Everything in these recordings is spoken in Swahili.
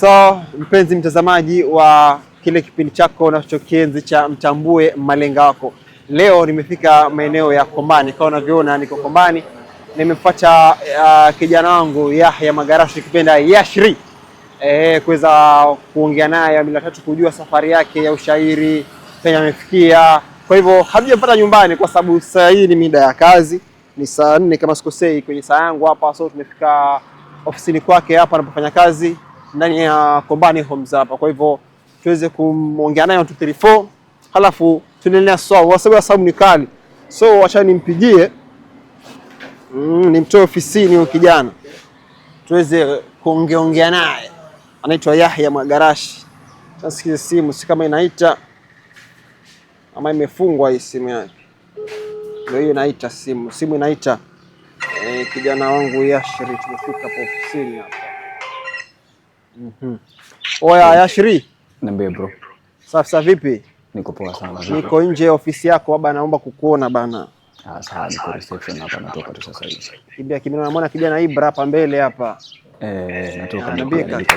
So mpenzi mtazamaji wa kile kipindi chako unachokienzi cha mtambue malenga wako, leo nimefika maeneo ya Kombani. Kama unavyoona niko Kombani, nimefuata uh, kijana wangu Yahya Magarashi kipenda Yashri eh, kuweza kuongea naye bila tatu kujua safari yake ya ushairi penye amefikia. Kwa hivyo hatujapata nyumbani kwa sababu saa hii ni mida ya kazi, ni saa nne kama sikosei kwenye saa yangu hapa, so tumefika ofisini kwake hapa anapofanya kazi ndani ya Kombani Homes hapa. Kwa hivyo tuweze kumongea naye 234 halafu tunaendelea swali, kwa sababu sababu ni kali, so acha nimpigie mm, nimtoe ofisini huyo kijana tuweze kuongeongea naye. Anaitwa Yahya Mwagarashi. Nasikia simu, si kama inaita ama imefungwa hii simu yake, ndio hiyo inaita simu, simu inaita. E, kijana wangu Yashri, tumefika hapo ofisini hapa. Mhm. Oya, Yashiri. Niambie bro. Safi safi vipi? Niko poa sana. Niko nje ofisi yako baba, naomba kukuona bana. Ah, sawa, niko reception hapa, natoka tu sasa hivi. Kibia kimina, naona kijana Ibra hapa mbele hapa. Eh, natoka niko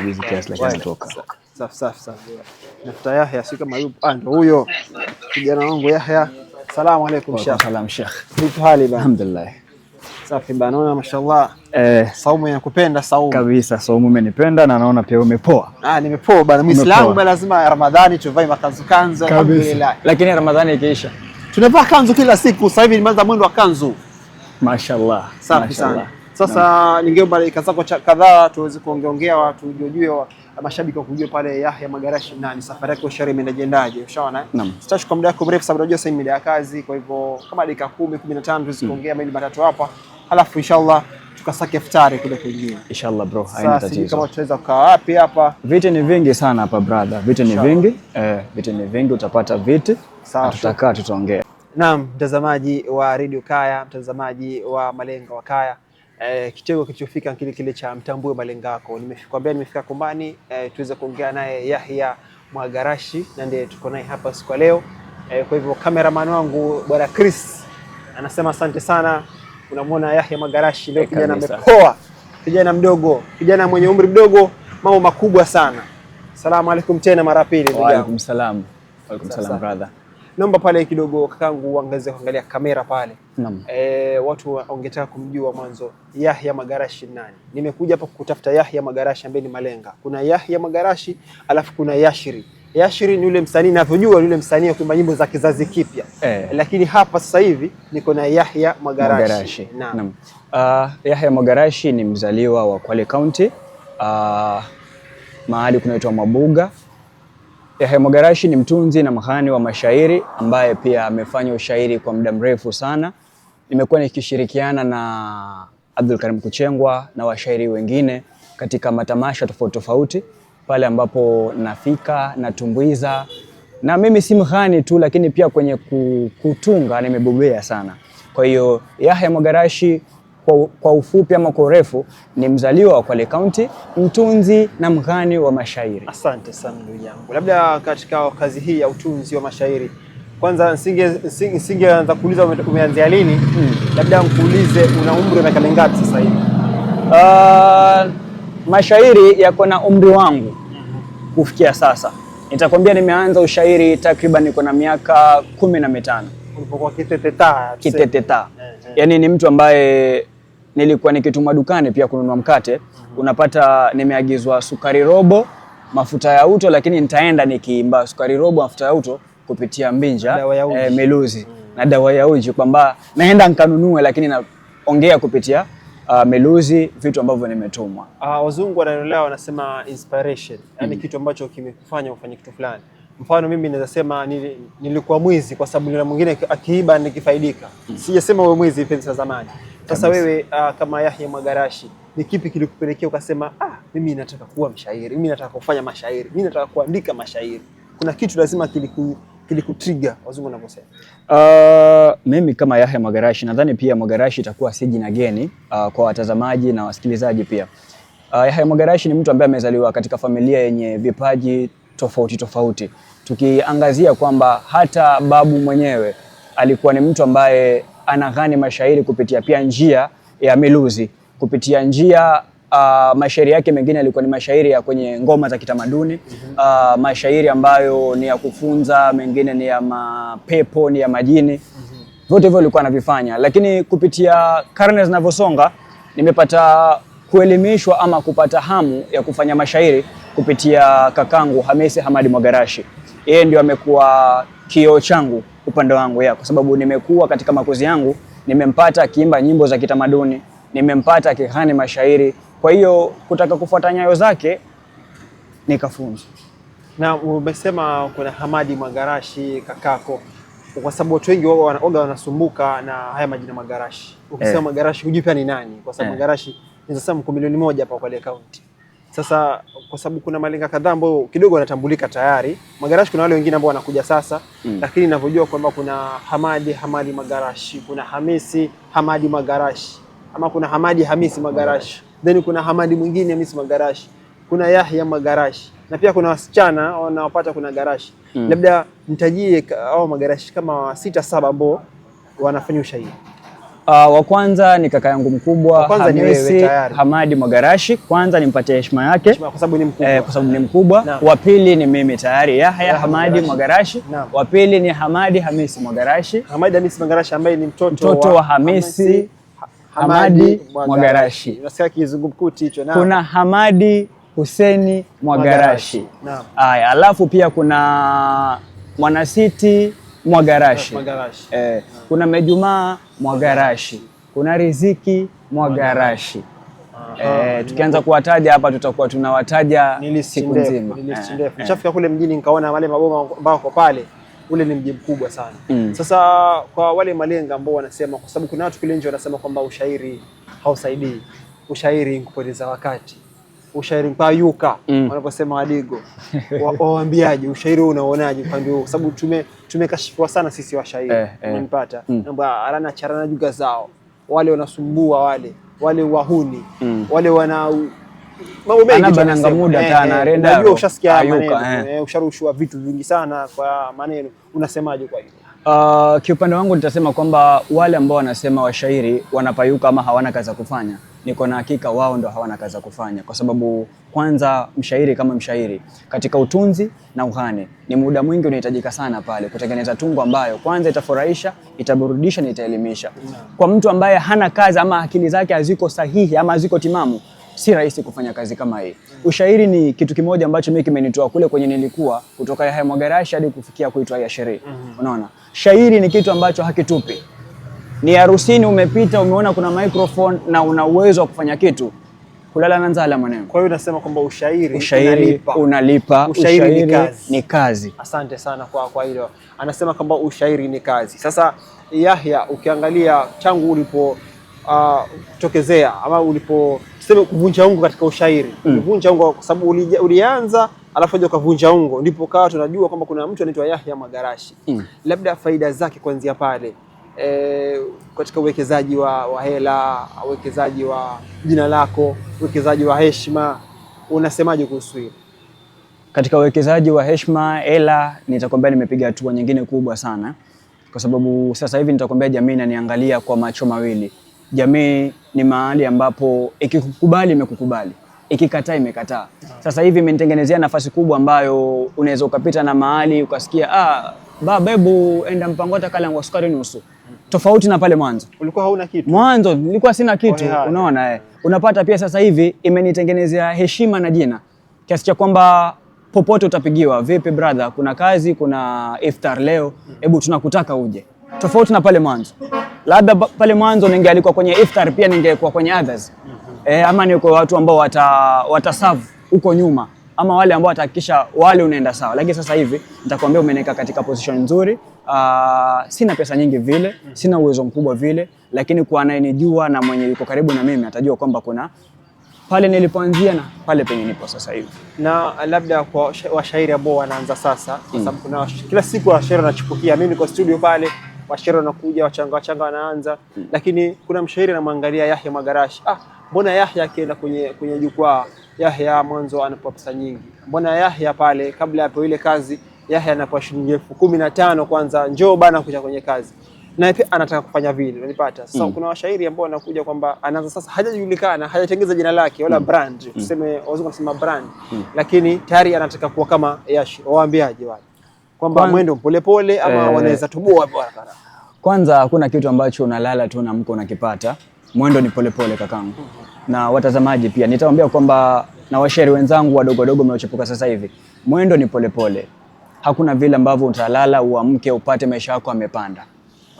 busy kiasi lakini natoka. Safi safi safi. Nafuta Yahya, si kama yupo. Ah, ndio huyo. Kijana wangu Yahya. Salamu alaykum Sheikh. Salamu Sheikh. Vipi hali bana? Alhamdulillah. Safi bana, mashallah. Eh, Saumu inakupenda Saumu. Kabisa, Saumu imenipenda na naona pia umepoa. Ah, nimepoa bana. Muislamu bana lazima Ramadhani tuvae makanzu kanzu, alhamdulillah. Lakini Ramadhani ikiisha tunavaa kanzu kila siku, sasa hivi nimeanza mwendo wa kanzu. Mashallah. Safi sana. Sasa ningeomba dakika zako kadhaa tuweze kuongeongea watu jujue mashabiki wakujue pale Yahya Magarashi nani, safari yake ushari imeendajendaje? Ushaona eh? Sitashika muda wako mrefu sababu unajua sasa ni muda wa kazi, kwa hivyo kama dakika 10 15 tuweze hmm. kuongea mawili matatu hapa halafu inshallah tukasake iftari kule kwingine inshallah bro, haina tatizo. Kama tunaweza kukaa wapi hapa, viti ni vingi sana hapa brother, viti ni vingi eh, viti ni vingi, utapata viti, tutakaa tutaongea. Naam, mtazamaji wa Radio Kaya, mtazamaji wa Malenga wa Kaya. Eh, kitengo kilichofika kile kile cha mtambue malenga yako. Nimekwambia nimefika kumbani eh, tuweze kuongea naye Yahya Mwagarashi na ndiye tuko naye hapa siku ya leo eh, kwa hivyo kameraman wangu bwana Chris anasema asante sana unamwona Yahya Magarashi leo eh, kijana amepoa, kijana mdogo, kijana mwenye umri mdogo, mambo makubwa sana. Salamu alaikum tena mara pili ndugu yangu. Wa alaikum salam. Wa alaikum salam brother. Naomba pale kidogo kakangu uangazie kuangalia kamera pale. Naam. E, watu wangetaka kumjua mwanzo Yahya Magarashi nani? Nimekuja hapa kutafuta Yahya Magarashi ambaye ni malenga. Kuna Yahya Magarashi alafu kuna Yashiri ni yule msanii navyojua yule msanii akiimba nyimbo za kizazi kipya eh. Lakini hapa sasa hivi niko na Yahya Mwagarashi. Naam. Uh, Yahya Mwagarashi ni mzaliwa wa Kwale County uh, mahali kunaitwa Mabuga. Yahya Mwagarashi ni mtunzi na mhani wa mashairi ambaye pia amefanya ushairi kwa muda mrefu sana. Nimekuwa nikishirikiana na Abdul Karim Kuchengwa na washairi wengine katika matamasha tofauti tofauti pale ambapo nafika natumbuiza, na mimi si mghani tu, lakini pia kwenye kutunga nimebobea sana. Kwa hiyo Yahya Mwagarashi kwa, kwa ufupi ama kwa urefu ni mzaliwa wa Kwale County, mtunzi na mghani wa mashairi. Asante sana ndugu yangu. Labda katika kazi hii ya utunzi wa mashairi, kwanza nsingeanza kuuliza umeanzia lini? Hmm. Labda nkuulize una umri wa miaka mingapi sasa hivi? Uh, mashairi yako na umri wangu kufikia sasa. Nitakwambia nimeanza ushairi takriban niko na miaka kumi na mitano ulipokuwa kiteteta kiteteta, eh, eh. Yani ni mtu ambaye nilikuwa nikitumwa dukani pia kununua mkate mhm. Unapata nimeagizwa sukari robo, mafuta ya uto, lakini nitaenda nikiimba sukari robo, mafuta ya uto kupitia Mbinja eh, Miluzi -hmm. na dawa ya uji kwamba naenda nkanunue, lakini naongea kupitia uh, meluzi, vitu ambavyo nimetumwa. Uh, wazungu wanaelewa, wanasema inspiration, yani mm. kitu ambacho kimekufanya ufanye kitu fulani. Mfano mimi naweza sema nilikuwa mwizi kwa sababu yule mwingine akiiba nikifaidika. mm. Sijasema wewe mwizi pesa zamani. Sasa wewe uh, kama Yahya Mwagarashi ni kipi kilikupelekea ukasema, ah, mimi nataka kuwa mshairi, mimi nataka kufanya mashairi, mimi nataka kuandika mashairi? Kuna kitu lazima kiliku kilikutriga wazungu wanavyosema? Uh, mimi kama Yahya Mwagarashi nadhani pia Mwagarashi itakuwa si jina geni uh, kwa watazamaji na wasikilizaji pia. Uh, Yahya Mwagarashi ni mtu ambaye amezaliwa katika familia yenye vipaji tofauti tofauti, tukiangazia kwamba hata babu mwenyewe alikuwa ni mtu ambaye anaghani mashairi kupitia pia njia ya miluzi, kupitia njia Uh, mashairi yake mengine yalikuwa ni mashairi ya kwenye ngoma za kitamaduni mm -hmm. uh, mashairi ambayo ni ya kufunza, mengine ni ya mapepo, ni ya majini mm -hmm. Vyote hivyo alikuwa anavifanya, lakini kupitia karne zinavyosonga nimepata kuelimishwa ama kupata hamu ya kufanya mashairi kupitia kakangu Hamisi Hamadi Mwagarashi. Yeye ndio amekuwa kioo changu upande wangu ya kwa sababu nimekuwa katika makuzi yangu, nimempata akiimba nyimbo za kitamaduni, nimempata akihani mashairi kwa hiyo kutaka kufuata nyayo zake nikafunzwa. Na umesema kuna Hamadi Magarashi kakako, kwa sababu watu wengi waga wanasumbuka na haya majina Magarashi. Ukisema eh, Magarashi hujui pia ni nani, kwa sababu eh, Magarashi ni niasema mko milioni moja hapa kwa ile kaunti. Sasa kwa sababu kuna malenga kadhaa ambayo kidogo wanatambulika tayari. Magarashi kuna wale wengine ambao wanakuja sasa mm, lakini ninavyojua kwamba kuna Hamadi Hamadi Magarashi, kuna Hamisi Hamadi Magarashi ama kuna Hamadi Hamisi Magarashi then kuna Hamadi mwingine Miss Magarashi, kuna Yahya Magarashi na pia kuna wasichana wanaopata kuna Garashi mm. Labda mtajie au Magarashi kama sita saba ambao wanafanya ushahidi. Uh, ah, wa kwanza ni kaka yangu mkubwa Hamisi Hamadi Magarashi, kwanza nimpatie heshima yake kwa sababu ni mkubwa, eh, kwa sababu ni mkubwa. Wa pili ni mimi tayari Yahya ya Hamadi Magarashi. Wa pili ni Hamadi Hamisi Magarashi, Hamadi Hamisi Magarashi ambaye ni mtoto, mtoto wa, wa Hamisi, Hamisi Hamadi Mwagarashi. Kuna Hamadi Huseni Mwagarashi. Haya, alafu pia kuna Mwanasiti Mwagarashi. Mwagarashi. Eh, kuna Mejumaa Mwagarashi, kuna Riziki Mwagarashi. Eh, tukianza kuwataja hapa tutakuwa tunawataja siku nzima. Nilifika eh, eh. kule mjini nikaona wale maboma ambao wako pale ule ni mji mkubwa sana mm. Sasa kwa wale malenga ambao wanasema, kwa sababu kuna watu kule nje wanasema kwamba ushairi hausaidii, ushairi nkupoteza wakati, ushairi mpayuka mm. wanaposema wadigo wawaambiaje? ushairi unaonaje upande huo? Kwa sababu tume tumekashifiwa sana sisi washairi eh, eh. Unanipata mm. namba arana charana juga zao wale wanasumbua wale wale wahuni mm. wale wana mambo mengi muda eh, tena renda eh, unajua, ushasikia maneno, eh. usharushwa vitu vingi sana kwa maneno, unasemaje kwa hiyo? Uh, ah, kiupande wangu nitasema kwamba wale ambao wanasema washairi wanapayuka ama hawana kazi ya kufanya, niko na hakika wao ndo hawana kazi ya kufanya, kwa sababu kwanza, mshairi kama mshairi katika utunzi na uhani ni muda mwingi unahitajika sana pale kutengeneza tungo ambayo kwanza itafurahisha, itaburudisha na itaelimisha. Kwa mtu ambaye hana kazi ama akili zake haziko sahihi ama haziko timamu si rahisi kufanya kazi kama hii. Ushairi ni kitu kimoja ambacho mimi kimenitoa kule kwenye nilikuwa kutoka Yahya Mwagarashi hadi kufikia kuitwa Yahya Sheree. Mhm. Unaona, shairi ni kitu ambacho hakitupi. Ni harusini umepita, umeona kuna microphone na una uwezo wa kufanya kitu kulala na nzala mwanangu. Kwa hiyo unasema kwamba ushairi, ushairi unalipa, unalipa. Ushairi, ushairi ni kazi, ni kazi. Asante sana kwa kwa hilo. Anasema kwamba ushairi ni kazi. Sasa Yahya, ukiangalia tangu ulipotokezea uh, ama ulipo tuseme kuvunja ungo katika ushairi mm. kuvunja ungo kwa sababu ulianza alafu aje ukavunja ungo, ndipo kawa tunajua kwamba kuna mtu anaitwa Yahya Magarashi mm. labda faida zake kuanzia pale e, katika uwekezaji wa, wa hela, uwekezaji wa jina lako, uwekezaji wa heshima, unasemaje kuhusu hilo? Katika uwekezaji wa heshima, hela, nitakwambia nimepiga hatua nyingine kubwa sana, kwa sababu sasa hivi nitakwambia jamii inaniangalia kwa macho mawili jamii ni mahali ambapo ikikukubali imekukubali, ikikataa imekataa. Sasa hivi imenitengenezea nafasi kubwa ambayo unaweza ukapita na mahali ukasikia ah, baba, hebu enda mpango hata kala sukari nusu, tofauti na pale mwanzo ulikuwa hauna kitu. Mwanzo nilikuwa sina kitu, unaona eh. Unapata pia sasa hivi imenitengenezea heshima na jina kiasi cha kwamba popote utapigiwa, vipi brother, kuna kazi, kuna iftar leo, hebu tunakutaka uje tofauti na pale mwanzo. Labda pale mwanzo ningealikwa kwenye iftar, pia ningekuwa kwenye others e, ama niko watu ambao wata watasavu huko nyuma, ama wale ambao watahakikisha wale unaenda sawa, lakini sasa hivi nitakwambia umeneka katika position nzuri. Uh, sina pesa nyingi vile, mhm. sina uwezo mkubwa vile, lakini kwa anayenijua na mwenye yuko karibu na mimi atajua kwamba kuna pale nilipoanzia na pale penye nipo sasa hivi. Na uh, labda kwa washairi ambao wanaanza sasa, kwa mm. sababu kuna kila siku washairi wanachipukia. Mimi niko studio pale washairi wanakuja, wachanga wachanga wanaanza hmm. Lakini kuna mshairi anamwangalia Yahya Magarashi, ah, mbona Yahya akienda kwenye kwenye jukwaa Yahya mwanzo anapewa pesa nyingi, mbona Yahya pale kabla ya ile kazi Yahya anapewa shilingi elfu kumi na tano kwanza, njoo bana kuja kwenye kazi na pia anataka kufanya vile, unanipata? Sasa mm. kuna washairi ambao wanakuja kwamba anaanza sasa, hajajulikana hajatengeza jina lake wala mm. brand hmm. tuseme, wazungu wanasema brand mm. lakini tayari anataka kuwa kama Yashi, waambiaje wale kwamba mwendo polepole ama eh, wanaweza toboa bwana. Kwanza hakuna kitu ambacho unalala tu namko unakipata, mwendo ni polepole kakangu. Na watazamaji pia nitawaambia kwamba na washeri wenzangu wadogo wadogo mnaochepuka sasa hivi, mwendo ni polepole, hakuna vile ambavyo utalala uamke upate maisha yako amepanda.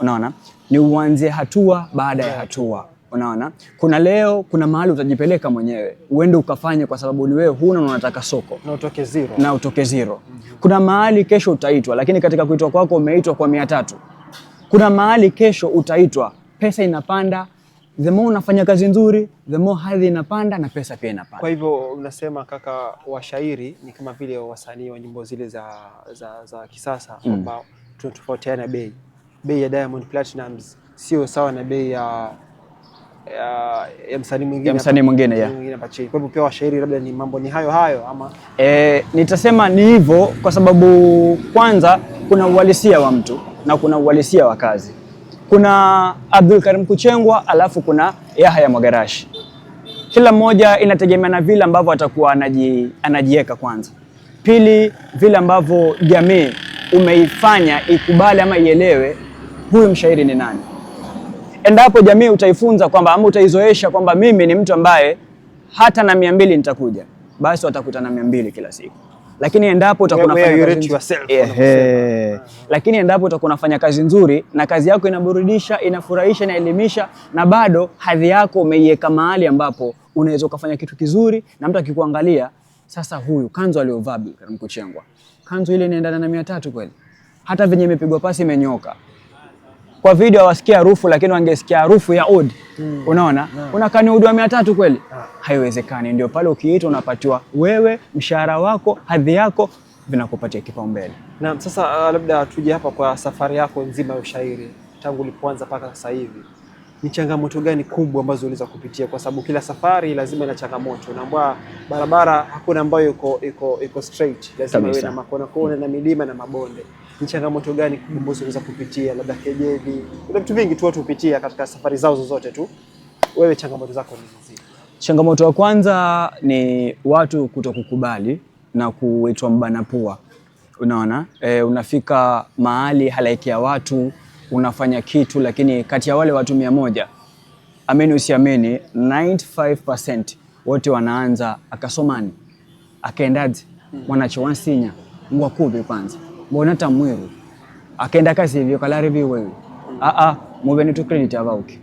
Unaona, ni uanzie hatua baada ya hatua Unaona, kuna leo, kuna mahali utajipeleka mwenyewe uende ukafanye, kwa sababu ni wewe huna na unataka soko na utoke zero, na utoke zero. Mm -hmm. Kuna mahali kesho utaitwa, lakini katika kuitwa kwako umeitwa kwa mia tatu. Kuna mahali kesho utaitwa, pesa inapanda. The more unafanya kazi nzuri, the more hadhi inapanda na pesa pia inapanda. Kwa hivyo unasema kaka, washairi ni kama vile wasanii wa nyimbo zile za, za, za kisasa mm. ambao mm. tunatofautiana bei. Bei ya Diamond Platinumz sio sawa na bei ya ya, msanii mwingine ya msanii mwingine Kwa hivyo pia washairi labda ni mambo ni hayo hayo ama e, nitasema ni hivyo kwa sababu kwanza kuna uhalisia wa mtu na kuna uhalisia wa kazi. Kuna Abdul Karim Kuchengwa alafu kuna Yahya Mwagarashi. Kila mmoja inategemea na vile ambavyo atakuwa anaji, anajiweka kwanza. Pili, vile ambavyo jamii umeifanya ikubali ama ielewe huyu mshairi ni nani endapo jamii utaifunza kwamba ama utaizoesha kwamba mimi ni mtu ambaye hata na mia mbili nitakuja, basi watakuta na mia mbili kila siku. Lakini endapo utakuwa unafanya kazi nzuri, yeah. Lakini endapo utakuwa unafanya kazi nzuri na kazi yako inaburudisha, inafurahisha, inaelimisha na bado hadhi yako umeiweka mahali ambapo unaweza ukafanya kitu kizuri na mtu akikuangalia, sasa huyu kanzu aliyovaa Mkuchengwa, kanzu ile inaendana na mia tatu kweli, hata venye imepigwa pasi imenyoka kwa video hawasikia harufu, lakini wangesikia harufu ya udi mm. Unaona yeah. Hmm. Unakani udi wa mia tatu kweli yeah. Haiwezekani. Ndio pale ukiitwa unapatiwa wewe mshahara wako, hadhi yako vinakupatia kipaumbele. Naam, sasa uh, labda tuje hapa kwa safari yako nzima ya ushairi tangu ulipoanza mpaka sasa hivi ni changamoto gani kubwa ambazo uliweza kupitia? Kwa sababu kila safari lazima ina changamoto, naambwa barabara hakuna ambayo iko iko iko straight, lazima iwe na makona kona na milima na mabonde ni changamoto gani Boss unaweza kupitia, labda kejeli, kuna vitu vingi tu watu hupitia katika safari zao zozote tu, wewe changamoto zako ni zipi? Changamoto ya kwanza ni watu kutokukubali na kuitwa mbana pua, unaona e, unafika mahali halaiki ya watu unafanya kitu, lakini kati ya wale watu mia moja, amini usiamini, 95% wote wanaanza akasomani akaendaji mwanachowasinya hmm. ngwa kubi kwanza monata mweru akenda kazi hivyo kalari vi wewe aa ah, ah, muveni tu credit avauke.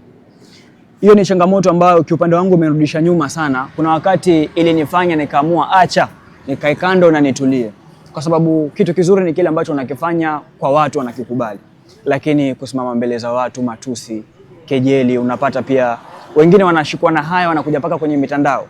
Hiyo ni changamoto ambayo kiupande wangu umerudisha nyuma sana. Kuna wakati ilinifanya nikaamua acha nikae kando na nitulie, kwa sababu kitu kizuri ni kile ambacho unakifanya kwa watu wanakikubali, lakini kusimama mbele za watu, matusi, kejeli, unapata pia wengine wanashikwa na haya, wanakuja mpaka kwenye mitandao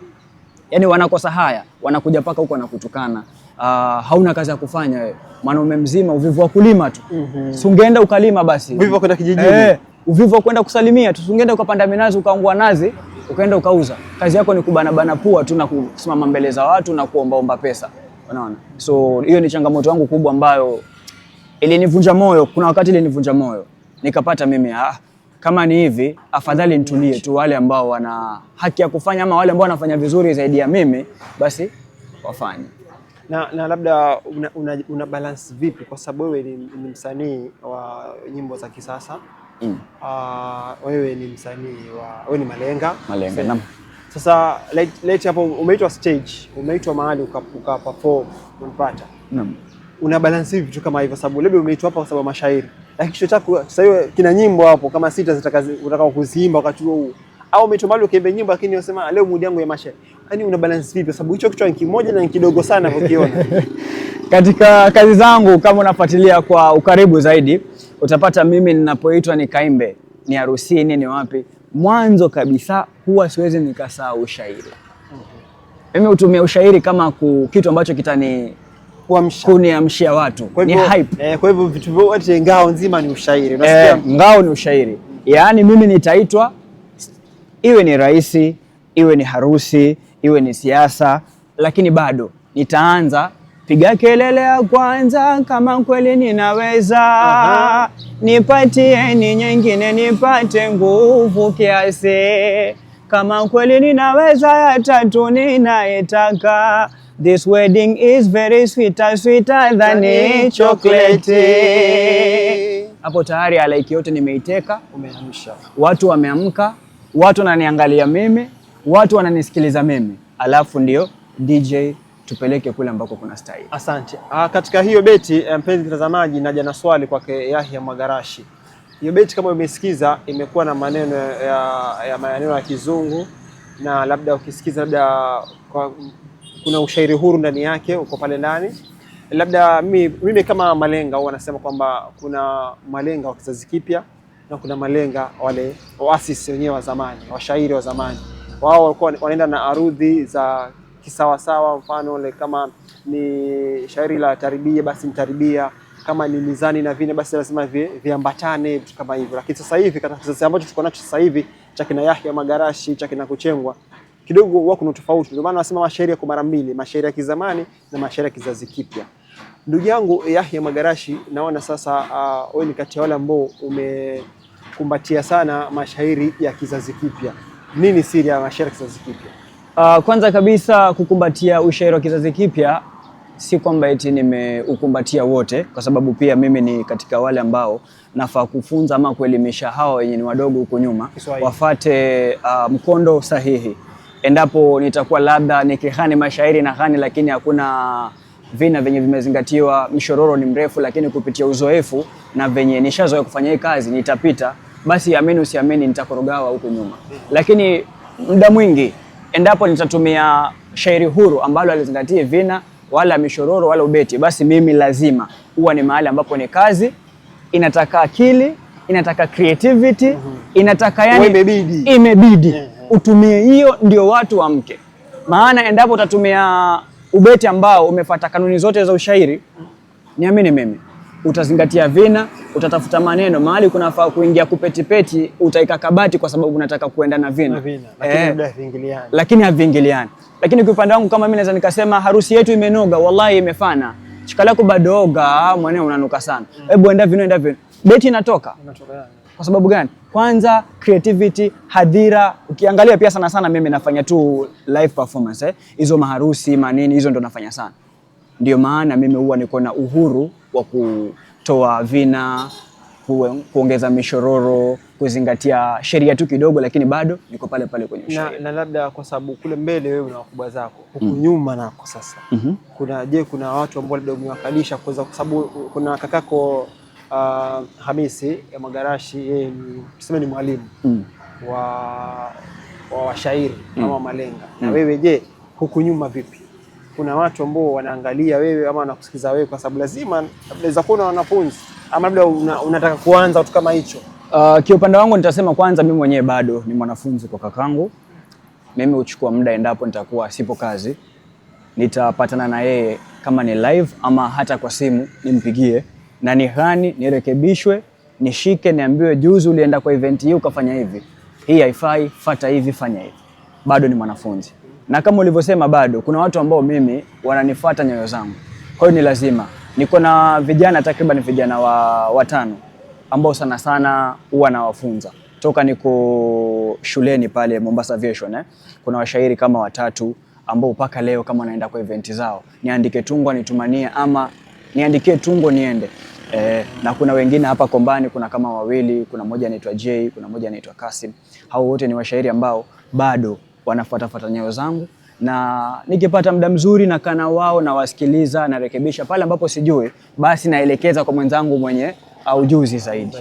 yani wanakosa haya, wanakuja paka huko wanakutukana. Uh, ah, hauna kazi ya kufanya wewe, mwanaume mzima, uvivu wa kulima tu mm -hmm. Sungeenda ukalima basi, uvivu wa kwenda kijijini eh, uvivu wa kwenda kusalimia tu, sungeenda ukapanda minazi ukaangua nazi ukaenda ukauza. Kazi yako ni bana pua tu na kusimama mbele za watu na kuombaomba pesa, unaona. So hiyo ni changamoto yangu kubwa ambayo ilinivunja moyo. Kuna wakati ilinivunja moyo nikapata mimi ah kama ni hivi, afadhali nitulie tu. Wale ambao wana haki ya kufanya ama wale ambao wanafanya vizuri zaidi ya mimi, basi wafanye na, na labda una, una, una balance vipi? Kwa sababu wewe ni, ni msanii wa nyimbo za kisasa mm. Uh, wewe ni msanii wa wewe ni malenga malenga, na. Sasa late hapo umeitwa stage, umeitwa mahali perform unapata naam, una balance vipi tu kama hivyo, sababu labda umeitwa hapa kwa sababu mashairi na kichwa chako sasa hiyo kina nyimbo hapo kama sita zitakazo utakao kuziimba wakati huo au umetomali ukiimba nyimbo lakini unasema leo mood yangu ya masha, yani una balance vipi? sababu hicho kichwa ni kimoja na ni kidogo sana ukiona. Katika kazi zangu kama unafuatilia kwa ukaribu zaidi, utapata mimi ninapoitwa ni kaimbe, ni harusini, ni wapi, mwanzo kabisa huwa siwezi nikasahau ushairi. Mimi hutumia ushairi kama kitu ambacho kitani kuniamshia watu kwa ni hype. Eh, kwa hivyo vitu vyote ngao nzima ni ushairi eh, unasikia? Eh, ngao ni ushairi, yaani mimi nitaitwa, iwe ni rais, iwe ni harusi, iwe ni siasa, lakini bado nitaanza piga kelele ya kwanza, kama kweli ninaweza. Aha. Nipatie ni nyingine, nipate nguvu kiasi, kama kweli ninaweza. Ya tatu ninaitaka This wedding is very sweeter, sweeter than a chocolate. Hapo tayari halaiki yote nimeiteka, umeamsha. Watu wameamka, watu wananiangalia mimi, watu wananisikiliza mimi. Alafu ndio DJ tupeleke kule ambako kuna style. Asante. Ah, katika hiyo beti eh, mpenzi mtazamaji, naja na swali kwake Yahya Mwagarashi. Hiyo beti kama umesikiza imekuwa na maneno ya, ya maneno ya Kizungu na labda ukisikiza labda kwa kuna ushairi huru ndani yake, uko pale ndani. Labda mimi, mimi kama malenga wanasema kwamba kuna malenga wa kizazi kipya na kuna malenga wale oasis wenyewe wa zamani, washairi wa zamani. Wao walikuwa wanaenda na arudhi za kisawasawa, mfano ile kama ni shairi la taribia basi ni taribia, kama ni mizani na vine basi lazima viambatane, vitu kama hivyo. Lakini sasa hivi katika kizazi ambacho tuko nacho sasa hivi cha kina Yahya Magarashi, cha kina Kuchengwa kidogo wako kuna tofauti. Ndio maana nasema mashairi yako mara mbili, mashairi ya kizamani na mashairi ya kizazi kipya. Ndugu yangu Yahya Magarashi, naona sasa uh, wewe uh, ni kati ya wale ambao umekumbatia sana mashairi ya kizazi kipya. Nini siri ya mashairi ya kizazi kipya? Uh, kwanza kabisa kukumbatia ushairi wa kizazi kipya si kwamba eti nimeukumbatia wote, kwa sababu pia mimi ni katika wale ambao nafaa kufunza ama kuelimisha hawa wenye ni wadogo huko nyuma wafate uh, mkondo sahihi endapo nitakuwa labda nikihani mashairi na hani, lakini hakuna vina venye vimezingatiwa, mshororo ni mrefu, lakini kupitia uzoefu na venye nishazoea kufanya hii kazi nitapita, basi amini usiamini nitakorogawa huku nyuma. Lakini muda mwingi endapo nitatumia shairi huru ambalo alizingatie vina wala mishororo wala ubeti, basi mimi lazima huwa ni mahali ambapo ni kazi inataka akili, inataka creativity, mhm. inataka yani imebidi, imebidi. Yeah utumie hiyo, ndio watu wa mke. Maana endapo utatumia ubeti ambao umefuata kanuni zote za ushairi, niamini mimi, utazingatia vina, utatafuta maneno mahali kunafaa kuingia kupetipeti, utaika kabati kwa sababu unataka kuenda na vina, vina. Lakini eh, lakini haviingiliani. Lakini kwa upande wangu kama mimi naweza nikasema harusi yetu imenoga, wallahi imefana chikalako badoga mwanae, unanuka sana. Mm. Hebu mm. enda vino, enda vino, beti inatoka, inatoka kwa sababu gani? Kwanza creativity, hadhira. Ukiangalia pia sana sana mimi nafanya tu live performance eh, hizo maharusi manini, hizo ndo nafanya sana. Ndio maana mimi huwa niko na uhuru wa kutoa vina, kuongeza mishororo, kuzingatia sheria tu kidogo, lakini bado niko pale pale kwenye sheria. Na labda kwa sababu kule mbele wewe una wakubwa zako, huku mm. nyuma nako sasa mm -hmm. kuna je, kuna watu ambao labda umewakalisha kwa sababu kuna kakako uh, Hamisi ya Mwagarashi, yeye ni tuseme ni mwalimu mm. wa wa washairi mm. ama malenga mm. na wewe je, huku nyuma vipi? Kuna watu ambao wanaangalia wewe ama wanakusikiza wewe, kwa sababu lazima inaweza kuwa na wanafunzi ama labda una, unataka kuanza kitu kama hicho? Uh, kiupande wangu nitasema kwanza, mimi mwenyewe bado ni mwanafunzi kwa kakangu. Mimi huchukua muda endapo nitakuwa sipo kazi, nitapatana na yeye kama ni live ama hata kwa simu nimpigie na ni hani nirekebishwe, nishike, niambiwe juzi ulienda kwa event hii ukafanya hivi, hii haifai, fata hivi, fanya hivi. Bado ni mwanafunzi, na kama ulivyosema, bado kuna watu ambao mimi wananifuata nyoyo zangu, kwa hiyo ni lazima niko na vijana takriban vijana wa watano ambao sana sana huwa nawafunza toka niko shuleni pale Mombasa Aviation eh. Kuna washairi kama watatu ambao mpaka leo kama naenda kwa eventi zao, niandike tungwa nitumanie ama niandikie tungo niende. Eh, na kuna wengine hapa Kombani, kuna kama wawili, kuna mmoja anaitwa Jay, kuna mmoja anaitwa Kasim. Hao wote ni washairi ambao bado wanafuatafuata nyayo zangu, na nikipata muda mzuri wao na wao nawasikiliza, narekebisha pale ambapo sijui, basi naelekeza kwa mwenzangu mwenye aujuzi zaidi.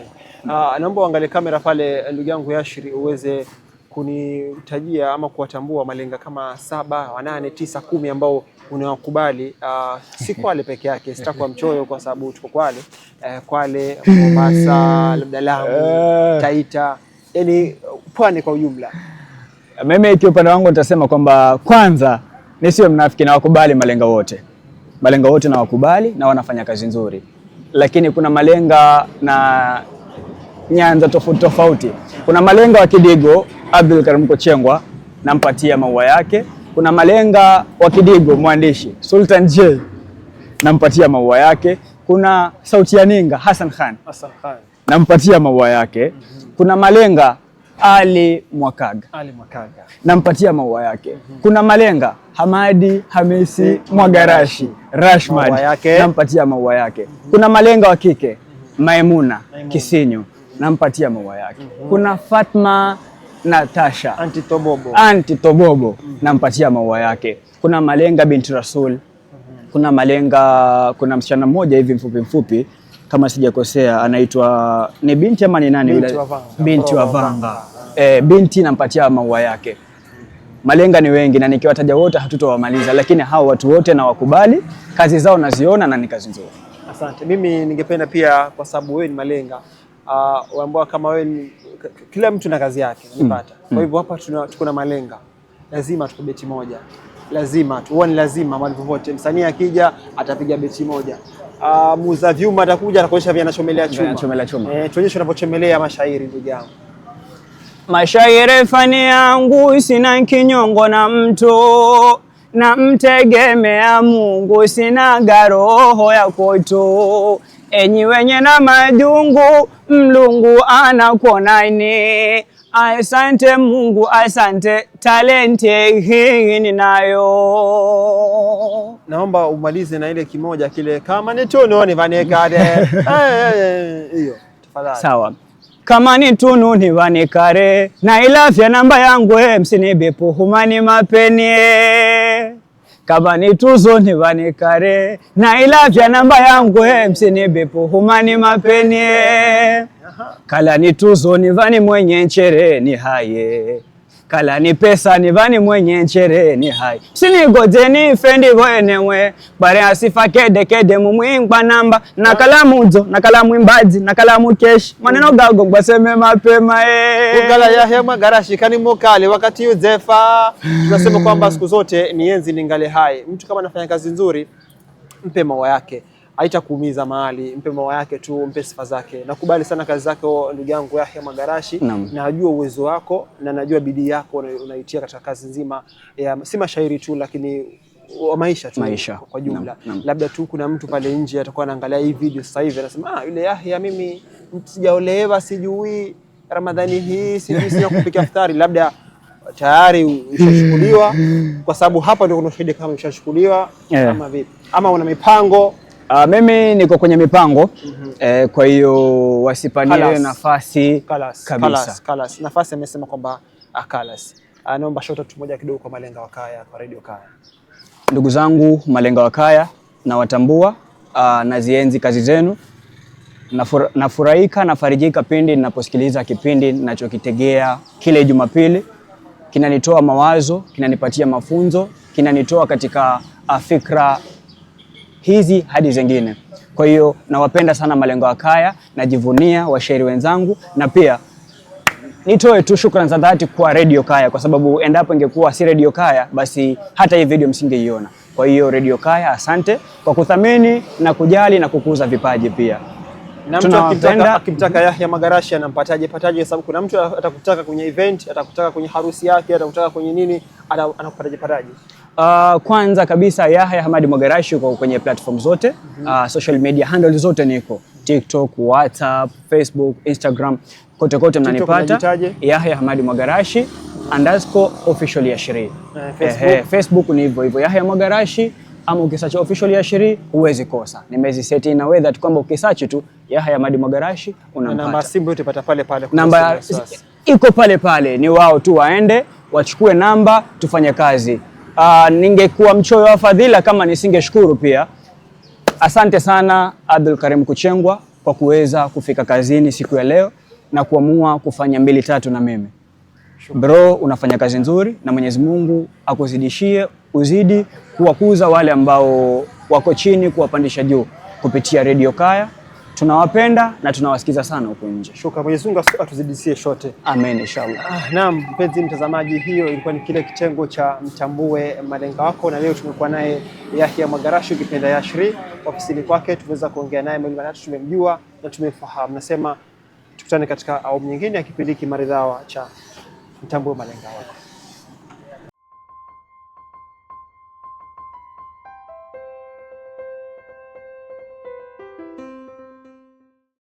Ah, naomba uangalie kamera pale, ndugu yangu Yashiri, uweze kunitajia ama kuwatambua malenga kama saba, wanane, tisa, kumi ambao unawakubali. Uh, si Kwale peke yake, sitakuwa mchoyo kwa sababu tuko Kwale, uh, Kwale, Mombasa, labda Lamu, eh. Taita, yani pwani kwa ujumla. Mimi kwa upande wangu nitasema kwamba kwanza ni sio mnafiki, nawakubali malenga wote, malenga wote nawakubali na wanafanya kazi nzuri, lakini kuna malenga na nyanza tofauti tofauti. Kuna malenga wa Kidigo Abdul Karim Kochengwa, nampatia maua yake kuna Malenga wa Kidigo mwandishi Sultan J nampatia maua yake. Kuna sauti ya Ninga Hassan Khan, Hassan Khan nampatia maua yake. mm -hmm. Kuna Malenga Ali Mwakaga, Ali Mwakaga nampatia maua yake. mm -hmm. Kuna Malenga Hamadi Hamisi mhm. Mwagarashi Rashmad nampatia maua yake. mm -hmm. Kuna Malenga wa kike mhm. Maimuna, Maimuna Kisinyu nampatia maua yake. mm -hmm. Kuna Fatma Natasha Antitobobo, Antitobobo mm. nampatia maua yake. Kuna Malenga binti Rasul mm -hmm. kuna Malenga, kuna msichana mmoja hivi mfupi mfupi kama sijakosea anaitwa ni binti ama ni nani? Binti wa Vanga, binti, wa Vanga. E, binti nampatia maua yake. Malenga ni wengi na nikiwataja wote hatutowamaliza, lakini hao watu wote nawakubali, kazi zao naziona na ni kazi nzuri. Asante. Mimi ningependa pia kwa sababu wewe ni Malenga uh, ah, ambao kama wewe kila mtu na kazi yake mm. unapata. Kwa hivyo mm. hapa tuko na malenga, lazima tuko beti moja, lazima huwa ni lazima mali popote. Msanii akija atapiga beti moja. Uh, ah, muza vyuma atakuja atakuonyesha anachomelea chuma, chuma. Eh, tuonyeshe unapochomelea mashairi ndugu yangu mashairi fani yangu sina kinyongo na mtu na mtegemea Mungu sina garoho ya kotu enyi wenye na majungu, mlungu anakuonani. Asante Mungu, asante. Talente hii ninayo. Naomba umalize na ile kimoja kile, kama ni vanikare eh, eh, eh, hiyo tafadhali. Sawa, kama ni vanikare na ilafya namba yangwe msinibipuhumani mapenie kama ni tuzo vanikare na ilavya namba yangu msinibipuhumani mapenye kala ni tuzo vani mwenye ni haye ni pesa ni vani mwenye ni hai sinigojeni fendi voenewe bare asifa kede kede mumwingwa namba na kalamu dzo na kalamu imbadzi na kalamu keshi maneno gago ngwaseme mapema e. Eh. hema garashi kani mokale wakati yuzefa tunasema kwamba siku zote ni enzi ningali hai mtu kama anafanya kazi nzuri mpe maua yake haitakuumiza mahali, mpe mawa yake tu, mpe sifa zake. Nakubali sana kazi zake ndugu yangu Yahya Magarashi, najua na uwezo wako na najua bidii yako unaitia katika kazi nzima ya si mashairi tu, lakini wa maisha tu maisha kwa jumla. Labda tu kuna mtu pale nje atakuwa anaangalia hii video sasa hivi anasema, ah, yule Yahya mimi sijaolewa, sijui Ramadhani hii sijui sina kupika iftari, labda tayari ushachukuliwa, kwa sababu hapa ndio kuna shahidi kama ushachukuliwa, yeah. Ama eh. vipi, ama una mipango Uh, mimi niko kwenye mipango mm -hmm. Eh, kwa hiyo wasipaniwe nafasi kabisa. Kalas, Nafasi amesema kwamba ah, Kalas. Ah, naomba shout out moja kidogo kwa malenga wa Kaya, kwa Radio Kaya. Ndugu zangu malenga wa Kaya nawatambua, uh, nazienzi kazi zenu. nafurahika nafurahika nafarijika pindi ninaposikiliza kipindi ninachokitegea kile Jumapili, kinanitoa mawazo, kinanipatia mafunzo, kinanitoa katika fikra hizi hadi zingine. Kwa hiyo nawapenda sana Malengo ya Kaya, najivunia washairi wenzangu na pia nitoe tu shukrani za dhati kwa Radio Kaya kwa sababu endapo ingekuwa si Radio Kaya basi hata hii video msingeiona. Kwa hiyo Radio Kaya, asante kwa kuthamini na kujali na kukuza vipaji pia. Na mtu akimtaka, akimtaka Yahya Magarashi anampataje pataje? Kwa sababu kuna mtu atakutaka kwenye event, atakutaka kwenye harusi yake, atakutaka kwenye nini, anakupataje pataje? Uh, kwanza kabisa Yahya Hamadi Mwagarashi uko kwenye platform zote mm -hmm. Uh, social media handle zote niko TikTok, WhatsApp, Facebook, Instagram, kote kote mnanipata Yahya Hamadi Mwagarashi underscore official ya shiri. Eh, Facebook. Eh, Facebook ni hivyo hivyo Yahya Mwagarashi ama ukisearch official ya shiri huwezi kosa. Nimeziseti in a way that kwamba ukisearch tu Yahya Hamadi Mwagarashi unampata. Namba simu yote utapata pale pale. Namba iko pale pale, ni wao tu waende wachukue namba tufanye kazi uh, ningekuwa mchoyo wa fadhila kama nisingeshukuru pia. Asante sana Abdul Karim Kuchengwa kwa kuweza kufika kazini siku ya leo na kuamua kufanya mbili tatu na mimi. Bro, unafanya kazi nzuri na Mwenyezi Mungu akuzidishie uzidi kuwakuza wale ambao wako chini kuwapandisha juu kupitia Radio Kaya tunawapenda na tunawasikiza sana huko nje. Shukrani, Mwenyezi Mungu atuzidishie shote. Amen, inshallah. Ah, naam, mpenzi mtazamaji, hiyo ilikuwa ni kile kitengo cha mtambue malenga wako, na leo tumekuwa naye Yahya Mwagarashi ukipenda Yashri ofisini kwake, tumeweza kuongea naye mengi matatu, tumemjua na tumefahamu. Nasema tukutane katika awamu nyingine ya kipindi hiki maridhawa cha mtambue malenga wako.